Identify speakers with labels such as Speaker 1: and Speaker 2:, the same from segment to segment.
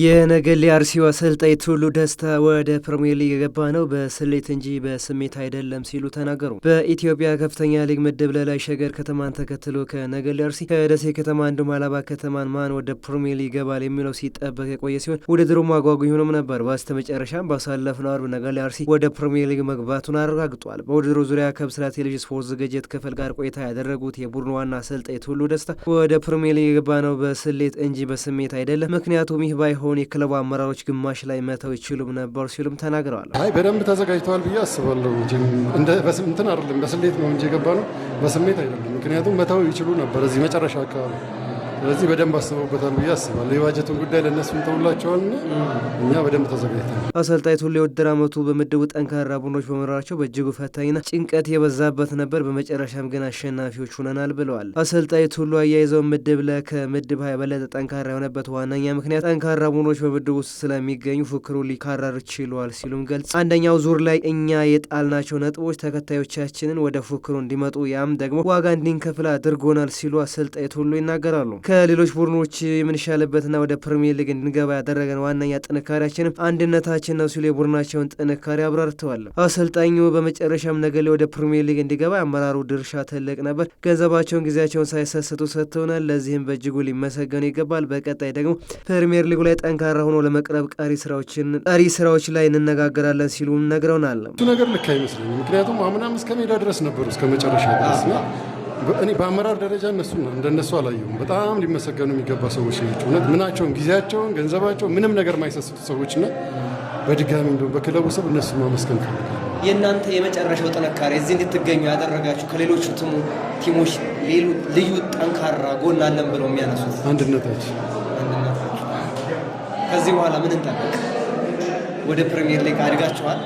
Speaker 1: የነገሌ አርሲው አሰልጣኝ ቱሉ ደስታ ወደ ፕሪምየር ሊግ የገባ ነው በስሌት እንጂ በስሜት አይደለም ሲሉ ተናገሩ። በኢትዮጵያ ከፍተኛ ሊግ ምድብ ለላይ ሸገር ከተማን ተከትሎ ከነገሌ አርሲ፣ ከደሴ ከተማ እንዲሁም አላባ ከተማን ማን ወደ ፕሪምየር ሊግ ይገባል የሚለው ሲጠበቅ የቆየ ሲሆን ውድድሩ ማጓጉ ሆኖም ነበር። በስተ መጨረሻም ባሳለፍነው አርብ ነገሌ አርሲ ወደ ፕሪምየር ሊግ መግባቱን አረጋግጧል። በውድድሩ ዙሪያ ከብስራት ቴሌቪዥን ስፖርት ዝግጅት ክፍል ጋር ቆይታ ያደረጉት የቡድኑ ዋና አሰልጣኝ ቱሉ ደስታ ወደ ፕሪምየር ሊግ የገባ ነው በስሌት እንጂ በስሜት አይደለም ምክንያቱም ይህ ባይ ቢሆን የክለቡ አመራሮች ግማሽ ላይ መተው ይችሉም ነበር ሲሉም ተናግረዋል።
Speaker 2: አይ በደንብ ተዘጋጅተዋል ብዬ አስባለሁ እንትን አይደለም፣ በስሌት ነው እንጂ የገባ ነው፣ በስሜት አይደለም። ምክንያቱም መተው ይችሉ ነበር እዚህ መጨረሻ አካባቢ ስለዚህ በደንብ አስበውበታል ብዬ አስባለሁ። የባጀቱን ጉዳይ ለእነሱ እንተውላቸዋልና እኛ በደንብ ተዘጋጅተናል።
Speaker 1: አሰልጣኝ ቱሌ ውድድር ዓመቱ በምድቡ ጠንካራ ቡድኖች በመኖራቸው በእጅጉ ፈታኝና ጭንቀት የበዛበት ነበር። በመጨረሻም ግን አሸናፊዎች ሆነናል ብለዋል። አሰልጣኝ ቱሉ አያይዘው ምድብ ለ ከምድብ ሀያ በለጠ ጠንካራ የሆነበት ዋነኛ ምክንያት ጠንካራ ቡድኖች በምድብ ውስጥ ስለሚገኙ ፉክሩ ሊካረር ችሏል ሲሉም ገልጽ አንደኛው ዙር ላይ እኛ የጣልናቸው ነጥቦች ተከታዮቻችንን ወደ ፉክሩ እንዲመጡ ያም ደግሞ ዋጋ እንዲንከፍል አድርጎናል ሲሉ አሰልጣኝ ቱሉ ይናገራሉ። ከሌሎች ቡድኖች የምንሻልበትና ወደ ፕሪሚየር ሊግ እንገባ ያደረገን ዋነኛ ጥንካሬያችንም አንድነታችን ነው ሲሉ የቡድናቸውን ጥንካሬ አብራርተዋል። አሰልጣኙ በመጨረሻም ነገሌ ወደ ፕሪሚየር ሊግ እንዲገባ የአመራሩ ድርሻ ትልቅ ነበር። ገንዘባቸውን፣ ጊዜያቸውን ሳይሰስቱ ሰጥተውናል። ለዚህም በእጅጉ ሊመሰገኑ ይገባል። በቀጣይ ደግሞ ፕሪሚየር ሊጉ ላይ ጠንካራ ሆኖ ለመቅረብ ቀሪ ስራዎችን ቀሪ ስራዎች ላይ እንነጋገራለን ሲሉም ነግረውናል።
Speaker 2: ነገር ልክ አይመስለኝ ምክንያቱም አምናም እስከ ሜዳ ድረስ ነበሩ እስከ መጨረሻ ድረስ እኔ በአመራር ደረጃ እነሱ እንደነሱ አላየሁም። በጣም ሊመሰገኑ የሚገባ ሰዎች ናቸው። እውነት ምናቸውን፣ ጊዜያቸውን፣ ገንዘባቸው ምንም ነገር ማይሰስቱ ሰዎች ና በድጋሚ እንደ በክለቡ ሰብ እነሱ ማመስገን ፈልጋል።
Speaker 3: የእናንተ የመጨረሻው ጥንካሬ እዚህ እንድትገኙ ያደረጋችሁ ከሌሎቹ ቲሞች ልዩ ጠንካራ ጎን አለን ብለው የሚያነሱት
Speaker 2: አንድነታችን
Speaker 3: ከዚህ በኋላ ምን እንጠብቅ? ወደ ፕሪሚየር ሊግ አድጋችኋል።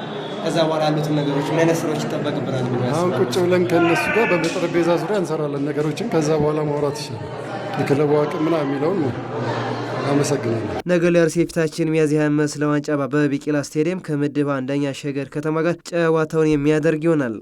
Speaker 3: ከዛ በኋላ ያሉትን ነገሮች ምን አይነት ስራዎች ይጠበቅብናል?
Speaker 2: አሁን ቁጭ ብለን ከነሱ ጋር በጠረጴዛ ዙሪያ እንሰራለን ነገሮችን። ከዛ በኋላ ማውራት ይችላል። የክለቡ አቅም ምናምን የሚለውን ነው። አመሰግናለሁ።
Speaker 1: ነገ ለአርሲ የፊታችን ሚያዝያ አምስት ለዋንጫ በቢቂላ ስቴዲየም ከምድብ አንደኛ ሸገር ከተማ ጋር ጨዋታውን የሚያደርግ ይሆናል።